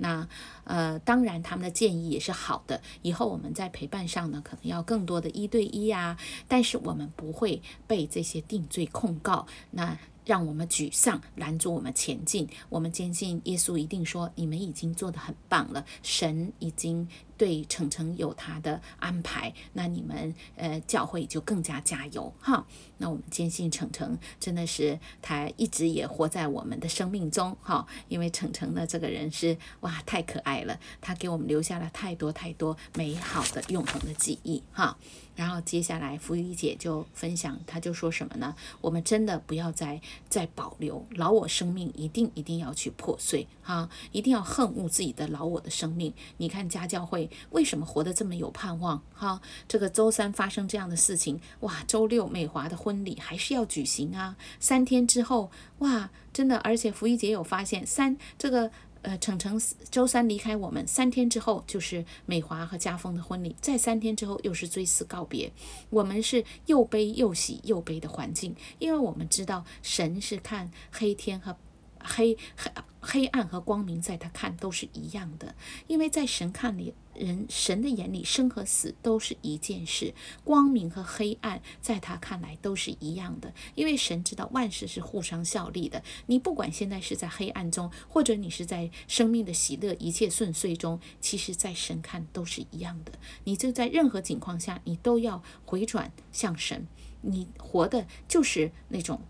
那，呃，當然，他們的建議也是好的。以後我們在陪伴上呢，可能要更多的一對一呀、啊。但是我們不會被這些定罪控告。那。讓我們沮喪，攔住我們前進。我們堅信耶穌一定說：“你們已經做得很棒了，神已經對成成有他的安排。”那你們呃教會就更加加油哈。那我們堅信成成真的是他一直也活在我們的生命中哈，因為成成呢這個人是哇太可愛了，他給我們留下了太多太多美好的永恆的記憶哈。然後接下來，福玉姐就分享，她就說什麼呢？我們真的不要再再保留老我生命，一定一定要去破碎哈、啊，一定要恨惡自己的老我的生命。你看家教會為什麼活得這麼有盼望哈、啊？這個周三發生這樣的事情，哇，周六美華的婚禮還是要舉行啊，三天之後哇，真的，而且福玉姐有發現三這個。呃，成成周三離開我們，三天之後就是美華和家峰的婚禮，在三天之後又是追思告別，我們是又悲又喜又悲的環境，因為我們知道神是看黑天和。黑、黑、黑暗和光明在他看都是一樣的，因為在神看裡，人神的眼裡，生和死都是一件事，光明和黑暗在他看來都是一樣的，因為神知道萬事是互相效力的。你不管現在是在黑暗中，或者你是在生命的喜樂、一切順遂中，其實在神看都是一樣的。你就在任何情況下，你都要回轉向神，你活的就是那種。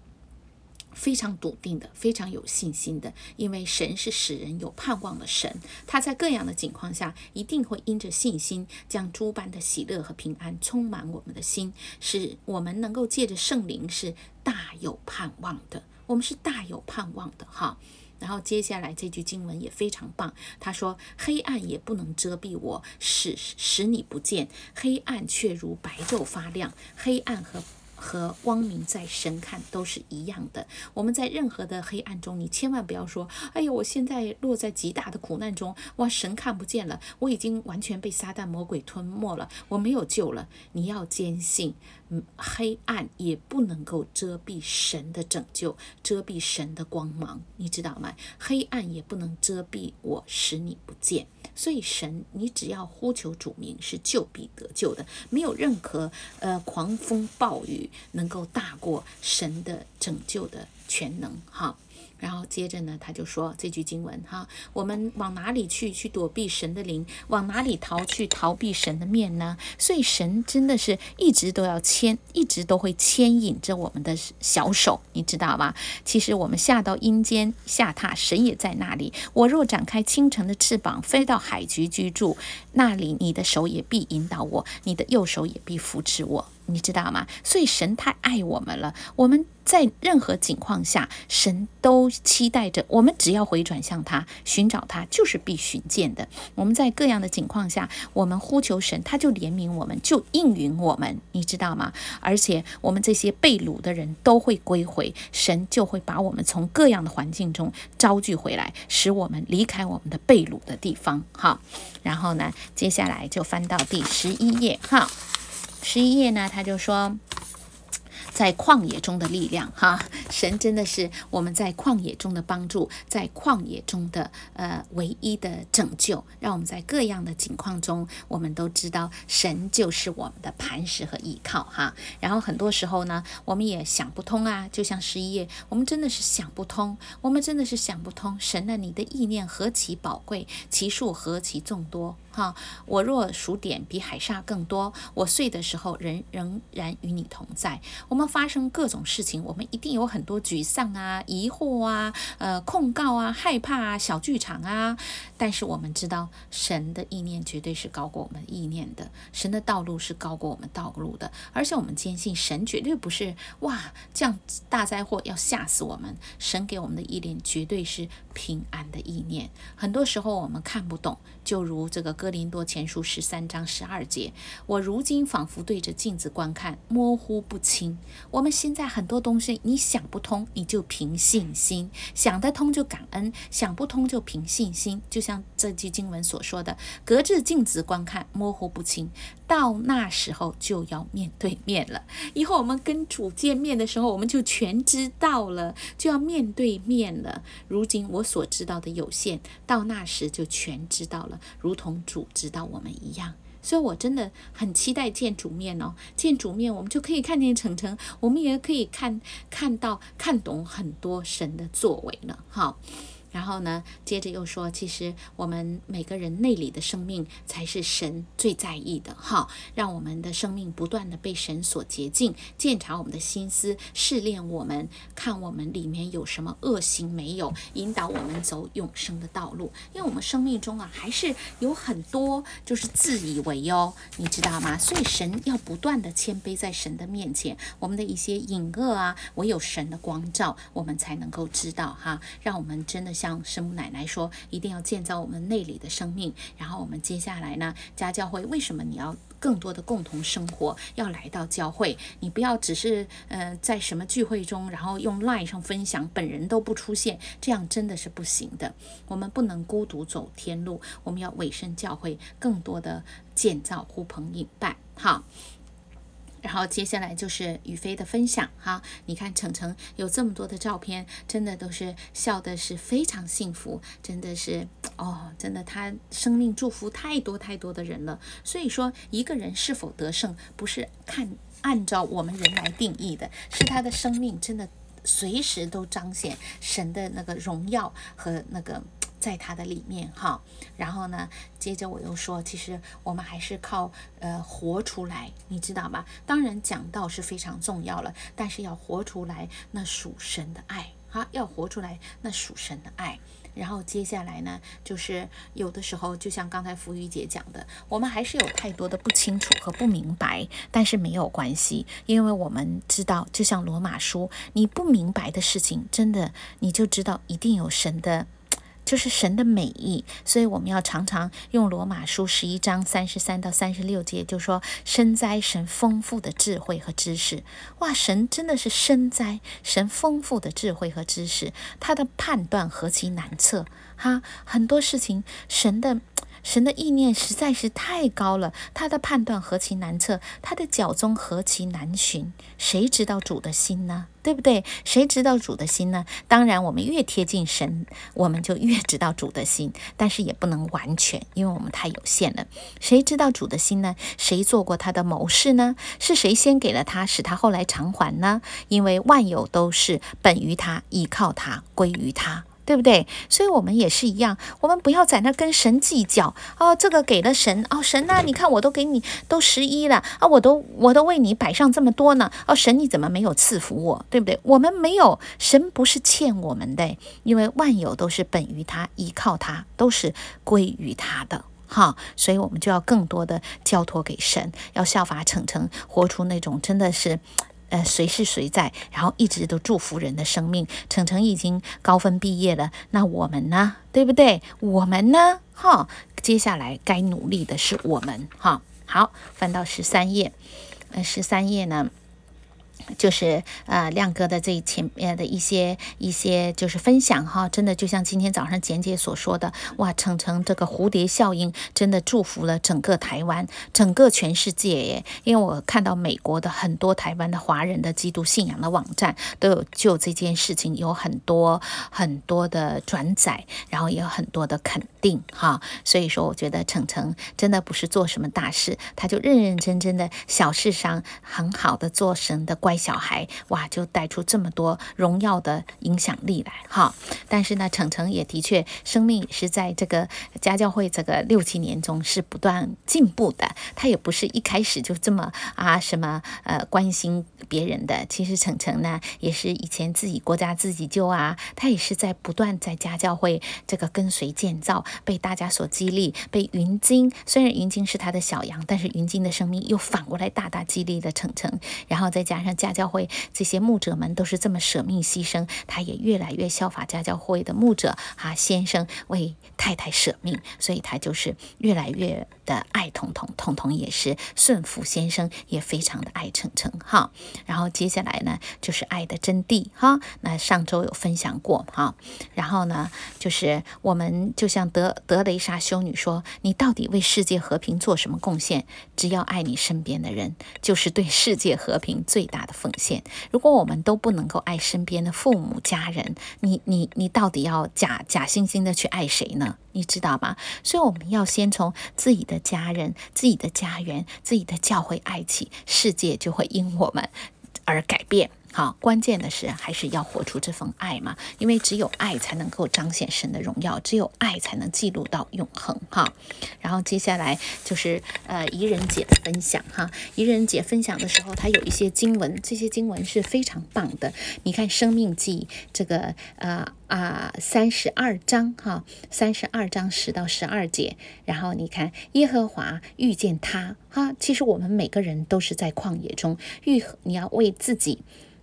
非常篤定的，非常有信心的，因為神是使人有盼望的神，他在各樣的情況下一定會因着信心，將諸般的喜樂和平安充滿我們的心，使我們能夠借着聖靈是大有盼望的。我們是大有盼望的哈。然後接下來這句經文也非常棒，他說：“黑暗也不能遮蔽我，使使你不見；黑暗卻如白晝發亮，黑暗和。”和光明在神看都是一樣的。我們在任何的黑暗中，你千萬不要說：“哎呀，我現在落在極大的苦難中，哇，神看不見了，我已經完全被撒旦魔鬼吞沒了，我沒有救了。”你要堅信。黑暗也不能夠遮蔽神的拯救，遮蔽神的光芒，你知道嗎？黑暗也不能遮蔽我，使你不見。所以神，你只要呼求主名，是救必得救的，沒有任何呃狂風暴雨能夠大過神的拯救的全能哈。然後接着呢，他就說這句經文哈，我們往哪裡去去躲避神的靈？往哪裡逃去逃避神的面呢？所以神真的是一直都要牽，一直都會牽引着我們的小手，你知道吧？其實我們下到陰間下榻，神也在那裡。我若展開清晨的翅膀，飛到海極居住，那裡你的手也必引導我，你的右手也必扶持我。你知道嗎？所以神太愛我們了。我們在任何情況下，神都期待着我們，只要回轉向他，尋找他，就是必尋見的。我們在各樣的情況下，我們呼求神，他就憐憫我們，就應允我們，你知道嗎？而且我們這些被擄的人都會歸回，神就會把我們從各樣的環境中招聚回來，使我們離開我們的被擄的地方。好，然後呢，接下來就翻到第十一頁，哈。十一頁呢，他就說，在曠野中的力量，哈，神真的是我們在曠野中的幫助，在曠野中的呃唯一的拯救，讓我們在各樣的境況中，我們都知道神就是我們的磐石和依靠，哈。然後很多時候呢，我們也想不通啊，就像十一頁，我們真的是想不通，我們真的是想不通。神呢、啊，你的意念何其寶貴，其數何其眾多。哈、哦，我若數點比海沙更多，我睡的時候人仍，仍然與你同在。我們發生各種事情，我們一定有很多沮喪啊、疑惑啊、呃、控告啊、害怕啊、小劇場啊。但是我們知道，神的意念絕對是高過我們意念的，神的道路是高過我們道路的。而且我們堅信，神絕對不是哇這樣大災禍要嚇死我們。神給我們的意念絕對是平安的意念。很多時候我們看不懂，就如這個。哥林多前書十三章十二節，我如今仿佛對着鏡子觀看，模糊不清。我們現在很多東西你想不通，你就憑信心；想得通就感恩，想不通就憑信心。就像這句經文所說的：“隔着鏡子觀看，模糊不清。”到那時候就要面對面了。以後我們跟主見面的時候，我們就全知道了，就要面對面了。如今我所知道的有限，到那時就全知道了，如同。主知道我們一樣，所以我真的很期待見主面哦。見主面，我們就可以看見成成，我們也可以看看到看懂很多神的作為了，哈。然後呢，接着又說，其實我們每個人內裡的生命才是神最在意的哈，讓我們的生命不斷的被神所潔淨，鑒察我們的心思，試煉我們，看我們裡面有什麼惡行沒有，引導我們走永生的道路。因為我們生命中啊，還是有很多就是自以為喲、哦，你知道嗎？所以神要不斷的謙卑在神的面前，我們的一些隱惡啊，唯有神的光照，我們才能夠知道哈，讓我們真的。像聖母奶奶說，一定要建造我們內裡的生命。然後我們接下來呢，家教會為什麼你要更多的共同生活？要來到教會，你不要只是嗯、呃、在什麼聚會中，然後用賴上分享，本人都不出現，這樣真的是不行的。我們不能孤獨走天路，我們要委身教會，更多的建造，呼朋引伴，好。然後接下來就是宇飛的分享哈，你看成成有這麼多的照片，真的都是笑得是非常幸福，真的是哦，真的他生命祝福太多太多的人了。所以說一個人是否得勝，不是看按照我們人來定義的，是他的生命真的隨時都彰顯神的那個榮耀和那個。在他的裡面哈，然後呢，接着我又說，其實我們還是靠呃活出來，你知道嗎？當然講道是非常重要了，但是要活出來，那屬神的愛哈，要活出來，那屬神的愛。然後接下來呢，就是有的時候就像剛才福玉姐講的，我們還是有太多的不清楚和不明白，但是沒有關係，因為我們知道，就像羅馬書，你不明白的事情，真的你就知道一定有神的。就是神的美意，所以我們要常常用羅馬書十一章三十三到三十六節，就說深哉，神豐富的智慧和知識。哇，神真的是深哉，神豐富的智慧和知識，他的判斷何其難測哈！很多事情，神的。神的意念實在是太高了，他的判斷何其難測，他的腳蹤何其難尋，誰知道主的心呢？對不對？誰知道主的心呢？當然，我們越貼近神，我們就越知道主的心，但是也不能完全，因為我們太有限了。誰知道主的心呢？誰做過他的謀士呢？是誰先給了他，使他後來償還呢？因為萬有都是本於他，倚靠他，歸於他。對不對？所以我們也是一樣，我們不要在那跟神計較哦，這個給了神哦，神吶、啊，你看我都給你都十一了啊，我都我都為你擺上這麼多呢，哦，神你怎麼沒有賜福我？對不對？我們沒有，神不是欠我們的，因為萬有都是本於他，依靠他，都是歸於他的哈，所以我們就要更多的交托給神，要效法成成，活出那種真的是。呃，誰是誰在，然後一直都祝福人的生命。成成已經高分畢業了，那我們呢？對不對？我們呢？哈、哦，接下來該努力的是我們，哈、哦。好，翻到十三頁，呃，十三頁呢？就是呃亮哥的這一前面的一些一些就是分享哈，真的就像今天早上簡姐所說的，哇成成這個蝴蝶效應真的祝福了整個台灣，整個全世界耶！因為我看到美國的很多台灣的華人的基督信仰的網站都有就這件事情有很多很多的轉載，然後也有很多的肯定哈。所以說我覺得成成真的不是做什麼大事，他就認認真真的小事上很好的做神的乖小孩哇，就帶出這麼多榮耀的影響力來哈。但是呢，成成也的確，生命是在這個家教會這個六七年中是不斷進步的。他也不是一開始就這麼啊什麼呃關心別人的。其實成成呢，也是以前自己國家自己救啊。他也是在不斷在家教會這個跟隨建造，被大家所激勵。被雲晶，雖然雲晶是他的小羊，但是雲晶的生命又反過來大大激勵了成成。然後再加上家。家教會這些牧者們都是這麼捨命犧牲，他也越來越效法家教會的牧者啊，先生為太太捨命，所以他就是越來越。的愛彤彤，彤彤也是順服先生也非常的愛成成哈。然後接下來呢，就是愛的真諦哈。那上周有分享過哈。然後呢，就是我們就像德德雷莎修女說：“你到底為世界和平做什麼貢獻？只要愛你身邊的人，就是對世界和平最大的奉獻。如果我們都不能夠愛身邊的父母家人，你你你到底要假假惺惺的去愛誰呢？”你知道嗎？所以我們要先從自己的家人、自己的家園、自己的教會愛起，世界就會因我們而改變。好，關鍵的是還是要活出這份愛嘛，因為只有愛才能夠彰顯神的榮耀，只有愛才能記錄到永恆哈。然後接下來就是呃怡人姐的分享哈，怡人姐分享的時候她有一些經文，這些經文是非常棒的。你看《申命記》這個啊啊三十二章哈，三十二章十到十二節，然後你看耶和華遇見他哈，其實我們每個人都是在曠野中遇，你要為自己。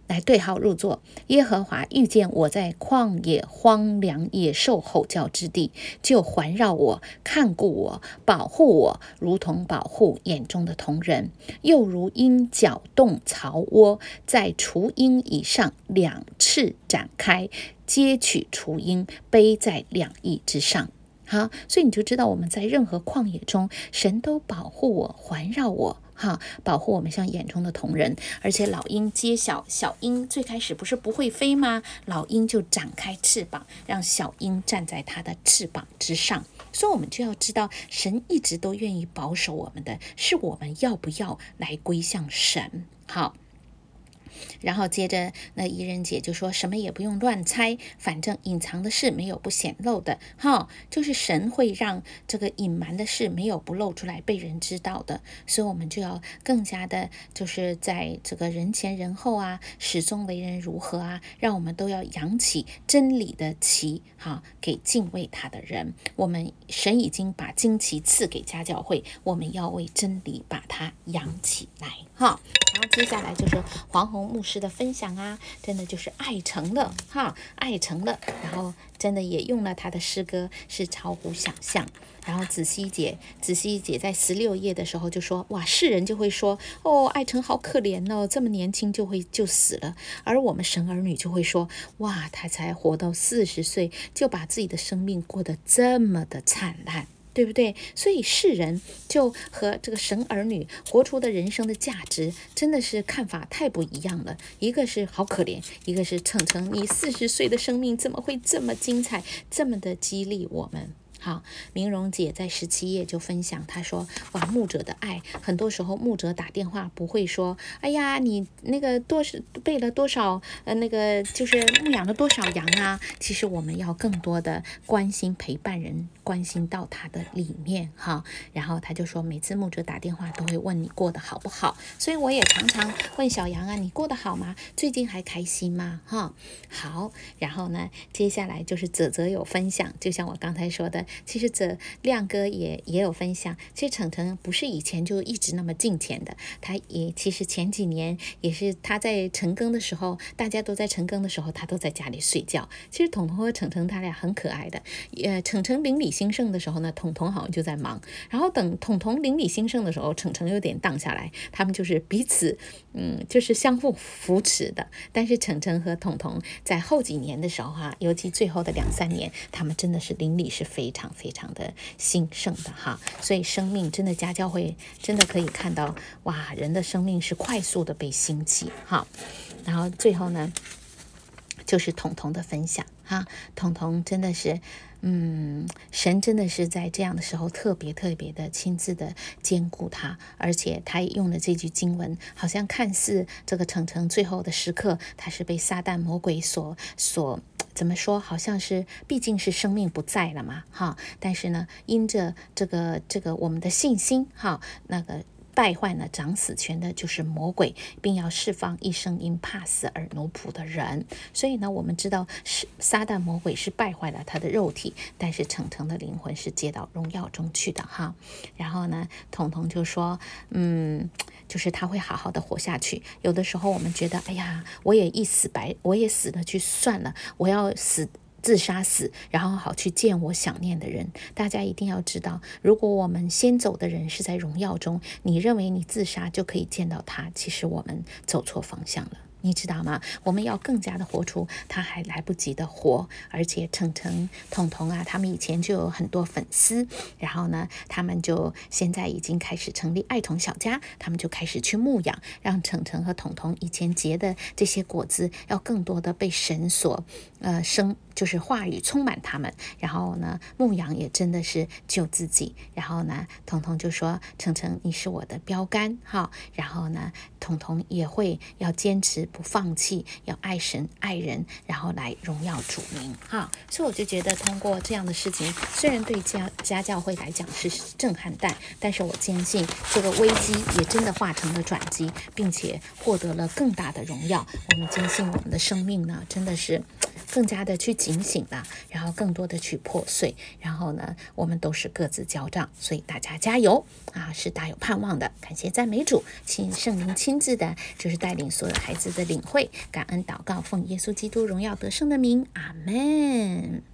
來對號入座。耶和華遇見我，在曠野荒涼、野獸吼叫之地，就環繞我、看顧我、保護我，如同保護眼中的瞳人，又如鷹攪動巢窩，在雛鷹以上，兩翅展開，接取雛鷹，背在兩翼之上。好，所以你就知道我們在任何曠野中，神都保護我、環繞我。好，保護我們像眼中的瞳仁，而且老鷹揭曉，小鷹，最開始不是不會飛嗎？老鷹就展開翅膀，讓小鷹站在它的翅膀之上。所以，我們就要知道，神一直都願意保守我們的，是我們要不要來歸向神？好。然後接着，那怡人姐就說什麼也不用亂猜，反正隱藏的事沒有不顯露的，哈、哦，就是神會讓這個隱瞞的事沒有不露出來被人知道的，所以我們就要更加的，就是在這個人前人後啊，始終為人如何啊，讓我們都要揚起真理的旗，哈、哦，給敬畏他的人，我們神已經把旌旗賜給家教會，我們要為真理把它揚起來。哈，然後接下來就是黃宏牧師的分享啊，真的就是艾成了哈，艾成了。然後真的也用了他的詩歌，是超乎想象。然後子熙姐，子熙姐在十六頁的時候就說，哇，世人就會說，哦，艾成好可憐哦，這麼年輕就會就死了。而我們神兒女就會說，哇，他才活到四十歲，就把自己的生命過得這麼的燦爛。對不對？所以世人就和這個神兒女活出的人生的價值，真的是看法太不一樣了。一個是好可憐，一個是成成，你四十歲的生命怎麼會這麼精彩，這麼的激勵我們。啊，明榮姐在十七頁就分享，她說哇，牧者的愛，很多時候牧者打電話不會說，哎呀你那個多是備了多少呃那個就是牧養了多少羊啊，其實我們要更多的關心、陪伴人，關心到他的裡面哈。然後他就說每次牧者打電話都會問你過得好不好，所以我也常常問小羊啊，你過得好嗎？最近還開心嗎？哈好，然後呢，接下來就是澤澤有分享，就像我剛才說的。其實這亮哥也也有分享，其實成成不是以前就一直那麼敬虔的，他也其實前幾年也是，他在晨更的時候，大家都在晨更的時候，他都在家裡睡覺。其實彤彤和成成他倆很可愛的。呃，成成靈裡興盛的時候呢，彤彤好像就在忙，然後等彤彤靈裡興盛的時候，成成有點蕩下來，他們就是彼此，嗯，就是相互扶持的。但是成成和瞳瞳在後幾年的時候，啊，哈，尤其最後的兩三年，他們真的是靈裡是非常非常的興盛的，哈。所以生命真的家教會真的可以看到，哇，人的生命是快速的被興起，哈。然後最後呢，就是瞳瞳的分享，哈，瞳瞳真的是。嗯，神真的是在這樣的時候特別特別的親自的眷顧他，而且他也用了這句經文，好像看似這個成成最後的時刻，他是被撒旦魔鬼所所怎麼說，好像是畢竟是生命不在了嘛，哈，但是呢，因着這個這個我們的信心，哈，那個。敗壞了長死權的，就是魔鬼，並要釋放一生因怕死而奴僕的人。所以呢，我們知道是撒旦魔鬼是敗壞了他的肉體，但是成成的靈魂是接到榮耀中去的哈。然後呢，彤彤就說，嗯，就是他會好好的活下去。有的時候我們覺得，哎呀，我也一死白，我也死了去算了，我要死，自殺死，然後好去見我想念的人。大家一定要知道，如果我們先走的人是在榮耀中，你認為你自殺就可以見到他，其實我們走錯方向了，你知道嗎？我們要更加的活出他還來不及的活。而且成成、彤彤啊，他們以前就有很多粉絲，然後呢，他們就現在已經開始成立愛童小家，他們就開始去牧養，讓成成和彤彤以前結的這些果子，要更多的被神所。呃，生就是話語充滿他們，然後呢，牧羊也真的是救自己，然後呢，彤彤就說：“成成，你是我的標杆，哈。”然後呢，彤彤也會要堅持不放棄，要愛神愛人，然後來榮耀主名，哈。所以我就覺得，通過這樣的事情，雖然對家家教會來講是震撼，但，但是我堅信這個危機也真的化成了轉機，並且獲得了更大的榮耀。我們堅信，我們的生命呢，真的是。更加的去警醒了，然後更多的去破碎，然後呢，我們都是各自交賬，所以大家加油啊，是大有盼望的。感謝讚美主，請聖靈親自的，就是帶領所有孩子的領會，感恩禱告，奉耶穌基督榮耀得勝的名，阿門。